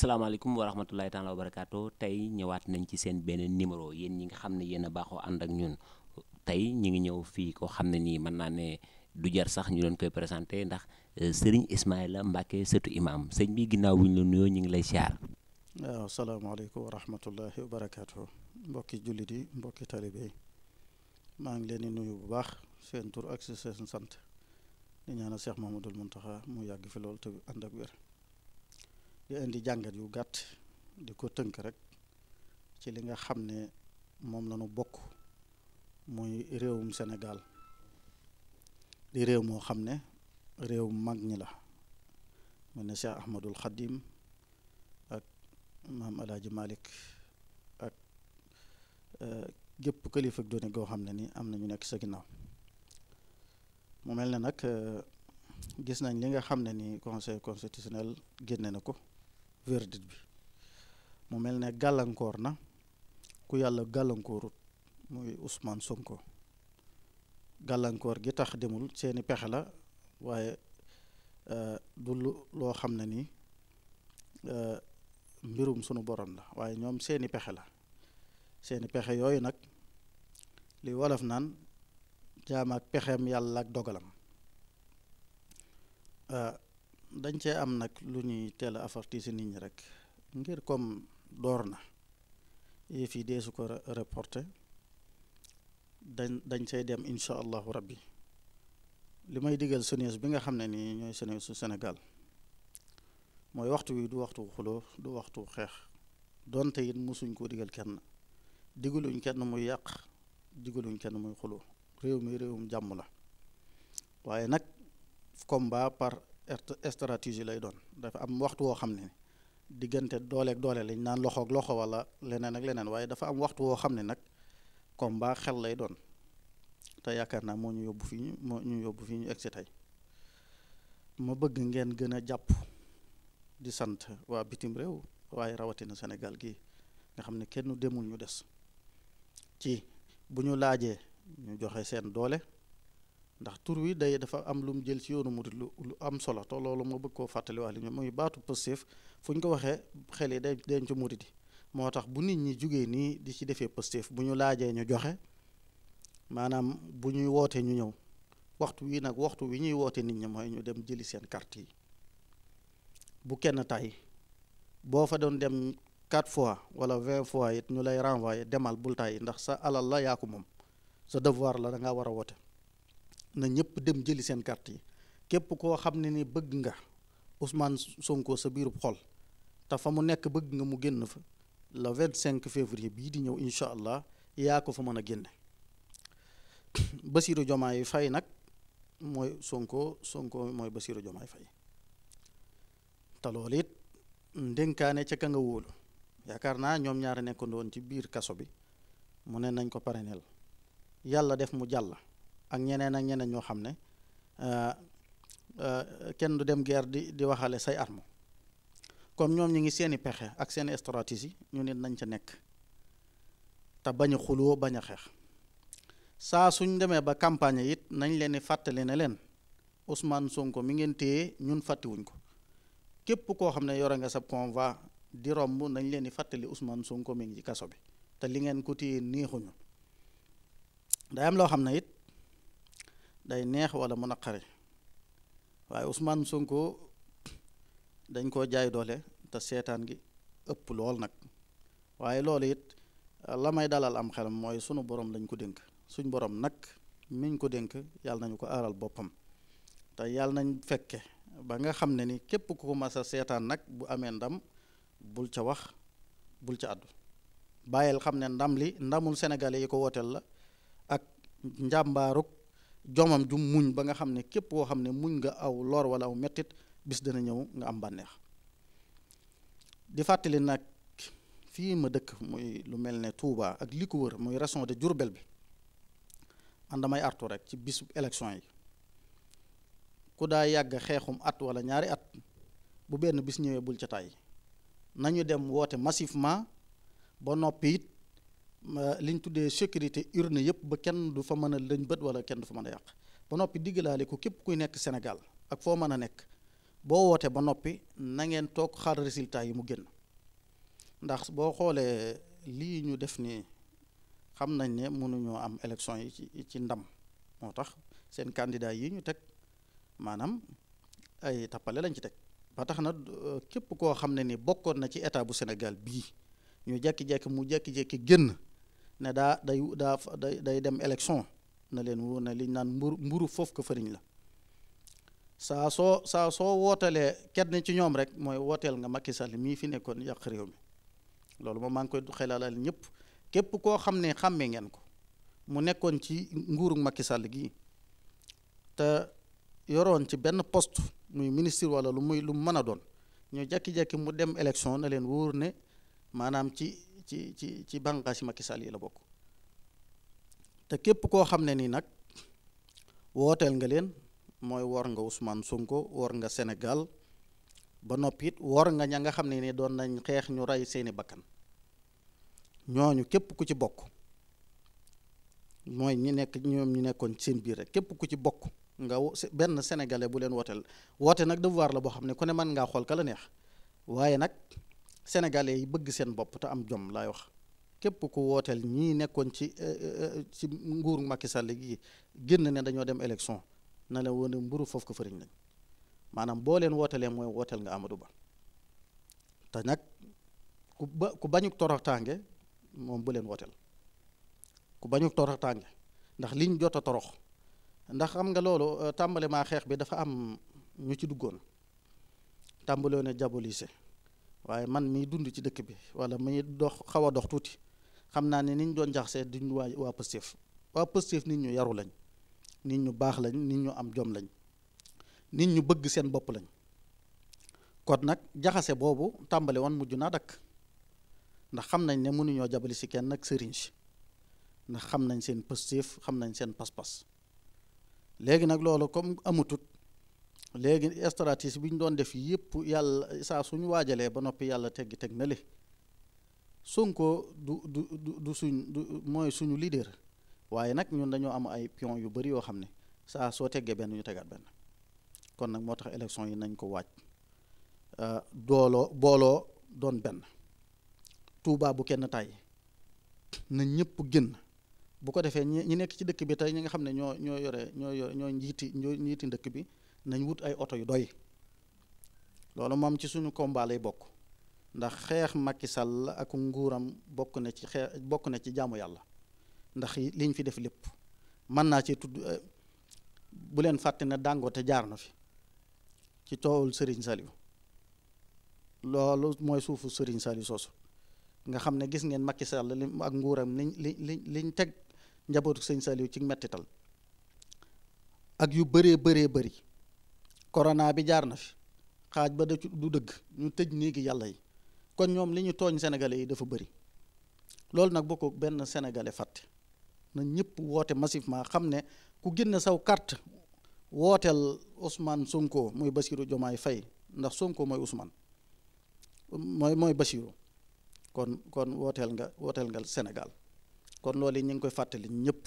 asalaamaaleykum wa rahmatulahi taala wa barakaatu tey ñëwaat nañ ci seen beneen numéro yéen ñi nga xam ne yéen a baaxoo ànd ak ñun tey ñu ngi ñëw fii koo xam ne nii mën naa ne du jar sax ñu leen koy présenté ndax euh, Serigne Ismaïla Mbacke sëtu imam sëñ bi ginnaaw bu ñu la nuyoo ñu ngi lay siyaar. waaw salaamaaleykum wa rahmatulahi wa barakaatu mbokki jullit yi mbokki talibe yi maa ngi leen nuyu bu baax seen tur ak seen sant di ñaanal Cheikh Mouhamadoul Mountakha mu yàgg fi lool te ànd ak di indi jàngat yu gàtt di ko tënk rek ci li nga xam ne moom la ñu bokk muy réewum Sénégal di réew moo xam ne réewum mag ñi la mu ne Cheikh Ahmadul Xadim ak maam El Hadj Malick ak eh, gépp kilifa doone goo xam ne ni am na ñu nekk sa ginnaaw mu mel na nag eh, gis nañ li nga xam ne ni conseil constitutionnel génne na ko. verdict bi mu mel ne gàllankoor na ku yàlla gàllankoorut muy Ousmane Sonko gàllankoor gi tax demul seeni pexe la waaye euh, du loo xam ne nii euh, mbirum sunu borom la waaye ñoom seeni pexe la seeni pexe yooyu nag li wolof naan jaam ak pexeem yàlla ak dogalam euh, dañ cee am nag lu ñuy teel a avertir nit ñi rek ngir comme door na yëf yi dee su ko reporté dañ dañ say dem incha allahu rabbi li may digal jeunesse bi nga xam ne nii ñooy jeunesse su Sénégal mooy waxtu wii du waxtu xuloo du waxtu xeex donte it mosuñ koo digal kenn digaluñ kenn muy yàq digaluñ kenn muy xuloo réew mi réewum jàmm la waaye nag combat par stratégie lay doon dafa am waxtu woo xam ne diggante dooleeg doole lañ naan loxoog loxo wala leneen ak leneen waaye dafa am waxtu woo xam ne nag combat xel lay doon te yaakaar naa moo ñu yóbbu fii ñu moo ñu yóbbu fii ñu egg si tey ma bëgg ngeen gën a jàpp di sant waa bitim réew waaye rawatina Sénégal gi nga xam ne kenn demul ñu des ci bu ñu laajee ñu joxe seen doole. ndax tur wi day dafa am lu mu jël ci yoonu murid lu lu am solo te loolu ma bëgg koo fàttaliwaat li ñu muy baatu positif fu ñu ko waxee xel yi day denc ci di yi moo tax bu nit ñi jógee nii di ci defee positif bu ñu laajee ñu joxe maanaam bu ñuy wootee ñu ñëw waxtu wii nag waxtu wi ñuy wootee nit ñi mooy ñu dem jëli seen carte yi bu kenn tay boo fa doon dem quatre fois wala vingt fois yi ñu lay renvoyer demal bul tay ndax sa alal la yaa ko moom sa devoir la da ngaa war a woote. na ñëpp dem jëli seen carte yi képp koo xam ne ni bëgg nga Ousmane Sonko sa biiru xol te fa mu nekk bëgg nga mu génn fa la vingt cinq février bii di ñëw incha allah yaa ko fa mën a génne jomaa Diomaye fay nag mooy Sonko Sonko mooy Basirou Diomaye Faye te loolu it ndénkaane ca ka yaakaar naa ñoom ñaari nekkandoon ci biir kaso bi mu ne nañ ko pareneel yàlla def mu jàll ak ñeneen ak ñeneen ñoo xam ne euh, euh, kenn du dem guerre di di waxale say armo comme ñoom ñi ngi seeni pexe ak seeni stratégie ñu nit nañ sa nekk te bañ xuloo bañ a xeex saa suñ demee ba campagne it nañ leen di fàttali na leen Ousmane Sonko mi ngeen téye ñun fàttiwuñ ko képp koo xam ne yore nga sab convoi di romb nañ leen di fàttali Ousmane Sonko mi ngi kaso bi te li ngeen ko téye neexuñu day loo xam ne it day neex walla mën a xare waaye Ousmane Sonko dañ koo jaay doole te seetaan gi ëpp lool nag waaye loolu it la may dalal am xelam mooy sunu borom lañ ko dénk suñ borom nag miñ ko dënk yàlla nañu ko aral boppam te yàlla nañ fekke ba nga xam ne ni képp ku ko mas a seetaan nag bu amee ndam bul ca wax bul ca àddu bàyyil xam ne ndam li ndamul sénégalais yi ko wooteel la ak njàmbaaruk jomam ju muñ ba nga xam ne képp koo xam ne muñ nga aw lor walla aw mettit bis dana ñëw nga am bànneex di fàttali nag fii ma dëkk muy lu mel ne Touba ak li ko wër muy région de Diourbel bi man damay artu rek ci bisu élection yi ku daa yàgg xeexum at wala ñaari at bu benn bis ñëwee bul ca tàyyi nañu dem woote massivement ba noppi it li ñu tuddee sécurité ur na yëpp ba kenn du fa mën a lëñ bët wala kenn du fa mën a yàq ba noppi diggalaale ko képp kuy nekk Sénégal ak foo mën a nekk boo wootee ba noppi nangeen toog xaar résultat yi mu génn ndax boo xoolee lii ñu def nii xam nañ ne mënuñoo am élection yi ci ci ndam moo tax seen candidat yi ñu teg maanaam ay tappale lañ ci teg ba tax na euh, képp koo xam ne ni bokkoon na ci état bu Sénégal bii ñu jekki-jekki mu jekki-jekki génn ne daa day daa day dem élection na leen wóor ne liñ naan mburu mburu foofu ko fëriñ la saa soo saa soo wootalee kenn ci ñoom rek mooy wooteel nga makki Sall mii fi nekkoon yàq réew mi loolu moom maa ngi koy xelalal ñëpp képp koo xam ne xàmmee ngeen ko mu nekkoon ci nguuru Macky sàll gii te yoroon ci benn poste muy ministre wala lu muy lu mën a doon ñu jekki-jekki mu dem élection na leen wóor ne maanaam ci ci ci ci bànqaasi Macky Sall yi la bokk te képp koo xam ne nii nag wooteel nga leen mooy wor nga Ousmane Sonko wor nga Sénégal ba noppi it wor nga ña nga xam ne ni doon nañ xeex ñu rey seeni bakkan ñooñu képp ku ci bokk mooy ñu nekk ñoom ñu nekkoon seen biir rek képp ku ci bokk nga benn sénégalais bu leen wooteel woote nag devoir la boo xam ne ku ne mën ngaa xool ka la neex waaye nag sénégalais yi bëgg seen bopp te am jom laay wax képp ku wooteel ñii nekkoon ci eh, eh, eh, ci nguur Macky Sall gi génn ne dañoo dem élection na la woon mburu foofu ko fëriñ lañ maanaam boo leen wootelee mooy wooteel nga Amadou Ba te nag ku ba ku bañu toroxtaange moom bu leen wooteel ku bañu toroxtaange ndax liñ jot a torox ndax xam nga loolu tàmbali maa xeex bi dafa am ñu ci duggoon tàmbale ne jabolise waaye man mii dund ci dëkk bi wala muy dox xaw a dox tuuti xam naa ne ni ñu doon jaxasee duñ waa waa waa Pastef nit ñu yaru lañ nit ñu baax lañ nit ñu am jom lañ nit ñu bëgg seen bopp lañ kon nag jaxase boobu tàmbali woon mujj naa dakk ndax xam nañ ne mënuñoo jabali si kenn ak sëriñ si ndax xam nañ seen Pastef xam nañ seen pas-pas léegi nag loolu comme amutut léegi stratégie bi ñu doon def yëpp yàlla saa suñu waajalee ba noppi yàlla teggi teg na le Sonko du du du du suñ du mooy suñu leader waaye nag ñun dañoo am ay pion yu bari yoo xam ne saa soo teggee benn ñu tegaat benn kon nag moo tax élection yi nañ ko waaj euh, dooloo booloo doon benn Touba bu kenn tàyyi na ñëpp génn bu ko defee ñi nekk ci dëkk bi tey ñi nga xam ne ñoo ñoo yore ñoo yore ñoo njiiti ñoo njiiti dëkk bi nañ wut ay oto yu doy loolu moom ci suñu combat bokk ndax xeex Macky Sall ak nguuram bokk na ci xeex bokk na ci jaamu yàlla ndax liñ fi def lépp mën naa ci tudd eh, bu leen fàtte ne te jaar na fi ci toowul sëriñ Saliou loolu mooy suufu sëriñ Saliou soosu nga xam ne gis ngeen Macky Sall li ak nguuram liñ li liñ teg njabootu Serigne Saliou ci mettital ak yu bëree bëree bari corona bi jaar na fi xaaj ba du dëgg ñu tëj néegi yàlla yi kon ñoom li ñu tooñ sénégalais yi dafa bëri loolu nag bokk benn sénégalais fàtte na ñëpp woote massivement xam ne ku génne saw kart wooteel Ousmane Sonko mooy Bassirou Diomaye Faye ndax Sonko mooy usman mooy mooy Bassirou kon kon wooteel nga wooteel nga senegal kon loolu yi ñu ngi koy fàttali ñëpp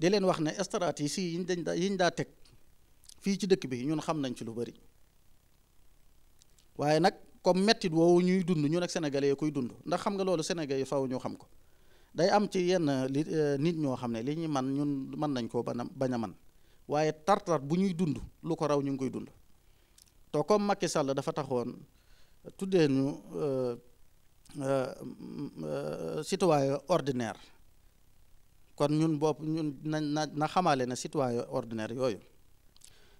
di leen wax ne stratégie yi ñu dañ daa yi ñu daa teg fii ci dëkk bi ñun xam nañ ci lu bari waaye nag comme mettit woowu ñuy dund ñu ak sénégalais yi koy dund ndax xam nga loolu sénégalais yi faw ñoo xam ko day am ci yenn euh, li euh, nit ñoo xam ne li ñu man ñun mën nañ koo bana a bañ a man waaye tartar bu ñuy dund lu ko raw ñu ngi koy dund too comme Macky Sall dafa taxoon euh, tuddee ñu citoyen ordinaire kon ñun bopp ñun na na xamaale na citoyen ordinaire yooyu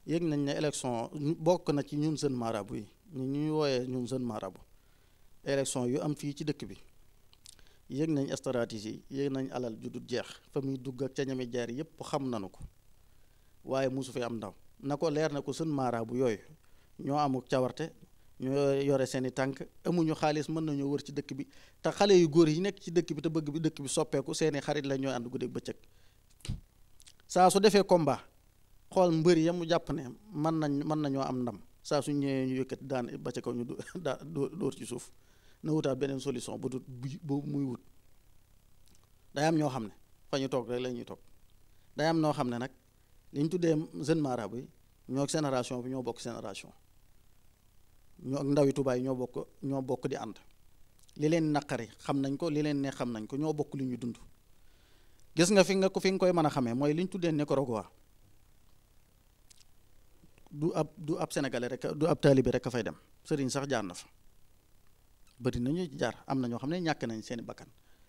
yëg nañ ne élection bokk na ci ñun jeune marabu yi ñu ñuy wooyee ñun jeune marabu élection yu am fii ci dëkk bi yëg nañ stratégie yëg nañ alal ju du jeex fa muy dugg ak ca ñame jaar yépp xam nanu ko waaye mosu fi am ndaw na ko leer na ko jeune marabu yooyu ñoo amul cawarte ñoo yore seeni tànk amuñu xaalis mën nañoo wër ci dëkk bi te xale yu góor yi nekk ci dëkk bi te bëgg bi dëkk bi soppeeku seeni xarit la ñooy ànd guddeeg bëccëg saa su defee combat xool mbër ya mu jàpp ne mën nañ mën nañoo am ndam saa suñ ñëwee ñu yëkkati daan ba ñu kaw ñu daa dóor ci suuf na wutaa beneen solution bu du bu muy wut day am ñoo xam ne fa ñu toog rek la ñuy toog day am noo xam ne nag li ñu tuddee jeune marabout yi ñoo génération bi ñoo bokk génération ñoo ndawi tubaay ñoo bokk ñoo bokk di ànd li leen naqari xam nañ ko li leen ne xam nañ ko ñoo bokk lu ñu dund gis nga fi nga ko fi nga koy mën a xamee mooy li ñu tuddee Nicaragua du ab du ab sénégalais rek du ab taalibe rek a fay dem sëriñ sax jaar na fa bëri na jaar am na ñoo xam ne ñàkk nañ seeni bakkan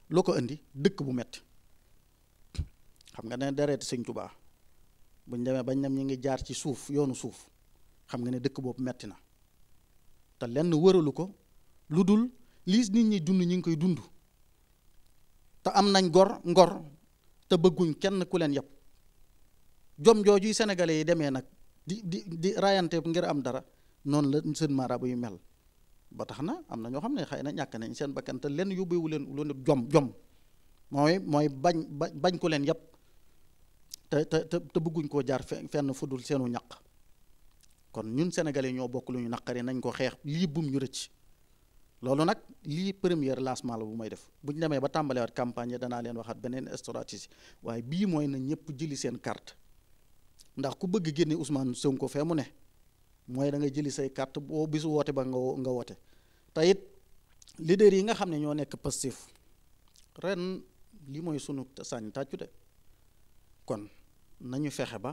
loo ko indi dëkk bu metti xam nga ne dereeti sëñ tubaa buñ demee bañ nam ñi ngi jaar ci suuf yoonu suuf xam nga ne dëkk boobu metti na te lenn wëralu ko lu dul liis nit ñi dund ñi ngi koy dund te am nañ gor ngor te bëgguñ kenn ku leen yàpp jom joojuy sénégalais yi demee nag di di di raayante ngir am dara noonu la seen maaraabu yu mel ba tax na am na ñoo xam ne xëy na ñàkk nañ seen bakkante te lenn yóbbeewu leen lu jom jom mooy mooy bañ ba bañ ko leen yëpp te te te bëgguñ koo jaar fenn fu dul seenu ñaq kon ñun sénégalais ñoo bokk lu ñu naqaree nañ ko xeex lii bum ñu rëcc loolu nag lii première lancement la bu may def bu ñu demee ba tàmbalewaat campagne yi danaa leen waxaat beneen stratégie waaye bii mooy nañ ñëpp jëli seen carte. ndax ku bëgg génne Ousmane ko fee mu ne mooy da nga jëli say carte boo bisu woote ba nga nga woote te it leader yi nga xam ne ñoo nekk Pastef ren li mooy sunu sañ tàccu de kon nañu fexe ba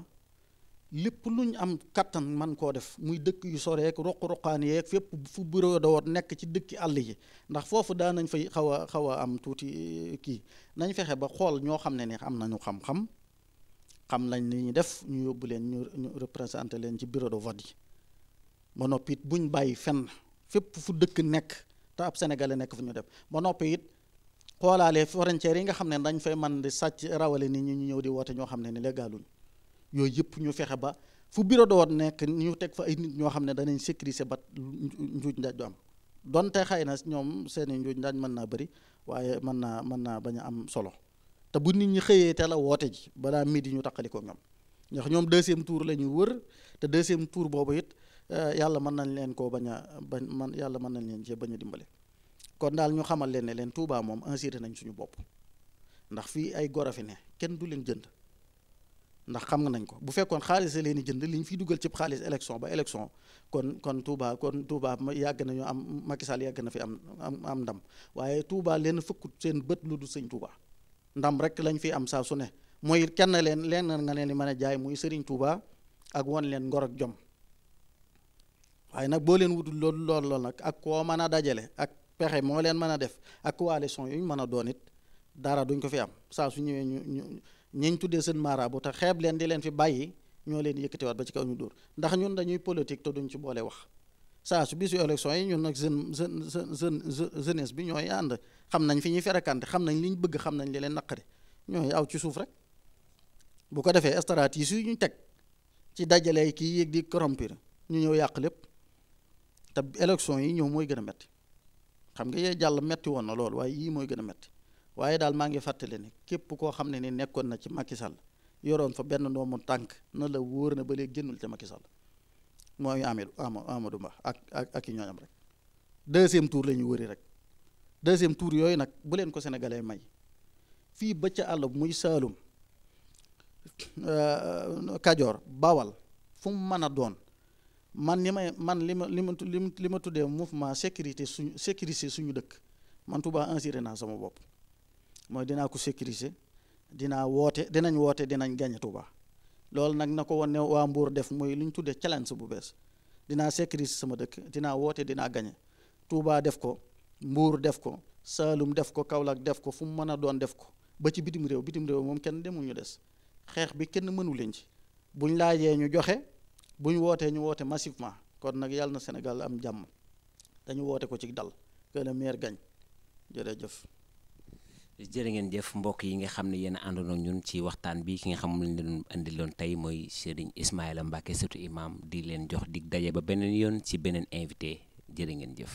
lépp lu am kattan man koo def muy dëkk yu soreek roq-roqaan yeeg fépp fu bureau de nekk ci dëkki àll yi ndax foofu daan nañ fay xaw a xaw a am tuuti kii nañ fexe ba xool ñoo xam ne ne am nañu xam-xam xam nañ ni ñu def ñu yóbbu leen ñu ñu représenté leen ci bureau de vote yi ba noppi it buñ bàyyi fenn fépp fu dëkk nekk te ab sénégalais nekk fu ñu def ba noppi it xoolaale frontières yi nga xam ne dañ fay man di sàcc rawale nit ñi ñu ñëw di woote ñoo xam ne ni légaluñ yooyu yëpp ñu fexe ba fu bureau de vote nekk ñu teg fa ay nit ñoo xam ne danañ sécuriser ba njuuj njaaj du am donte xëy na ñoom seeni njuuj njaaj mën naa bëri waaye mën naa mën naa bañ a am solo te bu nit ñi xëyee teel a woote ji balaa midi ñu taqalikoo ñoom ndax ñoom deuxième tour la ñuy wër te deuxième tour boobu it euh, yàlla mën nañ leen ko bañ a bañ man yàlla mën nañ leen cee bañ a dimbale kon daal ñu xamal leen ne leen Touba moom insérer nañ suñu bopp ndax fii ay gor fi ne kenn du leen jënd ndax xam nga nañ ko bu fekkoon xaalis leen di jënd li ñu fiy dugal ci xaalis élection ba élection kon kon Touba kon Touba yàgg nañu am Macky Sall yàgg na fi am am am ndam waaye Touba leen fëkkut seen bët lu du sëñ Touba. ndam rek lañ fi am saa su ne muy kenn leen leen nga leen di mën a jaay muy Serigne Touba ak won leen ngor ak jom waaye nag boo leen wutul loolu lool lool nag ak koo mën a dajale ak pexe moo leen mën a def ak coalition yu ñu mën a doon it dara duñ ko fi am saa su ñëwee ñu ñu ñiñ tuddee seen maaraabu te xeeb leen di leen fi bàyyi ñoo leen yëkkatiwaat ba ci kaw ñu dóor ndax ñun dañuy politique te duñ ci boole wax. saa su bisu élection yi ñun nag jeune jeune jeune jeunesse bi ñooy ànd xam nañ fi ñuy ferekante xam nañ li ñu bëgg xam nañ li leen naqari ñooy aw ci suuf rek bu ko defee stratégie yu ñu teg ci dajale kii yéeg di corrompre ñu ñëw yàq lépp te élection yi ñëw mooy gën a metti xam nga yee jàll metti woon na loolu waaye yii mooy gën a metti waaye daal maa ngi fàttali ne képp koo xam ne ni nekkoon na ci Macky yoroon fa benn doomu tànk na la wóor na ba léegi génnul ca mooy Amidou Amadou Ba ak ak ak i ñooñam rek deuxième tour la ñuy wëri rek deuxième tour yooyu nag bu leen ko sénégalais may fii ba ca àll muy Saalum euh, Kajoor Bawal fu mu mën a doon man li may man li ma li ma li ma tuddee mouvement sécurité suñu sécuriser suñu dëkk man Touba insuré naa sama bopp mooy dinaa ko sécuriser dinaa woote dinañ woote dinañ gagné Touba loolu nag na ko ne waa mbuur def mooy lu ñu tuddee challenge bu bees dinaa sécuriser sama dëkk dinaa woote dinaa gañe tuubaa def ko mbuur def ko Saalum def ko Kaolack def ko fu mu mën a doon def ko ba ci bitim réew bitim réew moom kenn demuñu des xeex bi kenn mënul leen ci buñ laajee ñu joxe buñ wootee ñu woote massivement kon nag yàlla na Sénégal am jàmm dañu woote ko ci dal que le maire gagne jërëjëf. jërë ngeen jëf mbokk yi nga xam ne yéen àndoon ñun ci waxtaan bi ki nga xam ne leen indiloon tey mooy Serigne Ismaïla Mbacke surtout imam di leen jox dig daje ba beneen yoon ci beneen invité jërë ngeen jëf.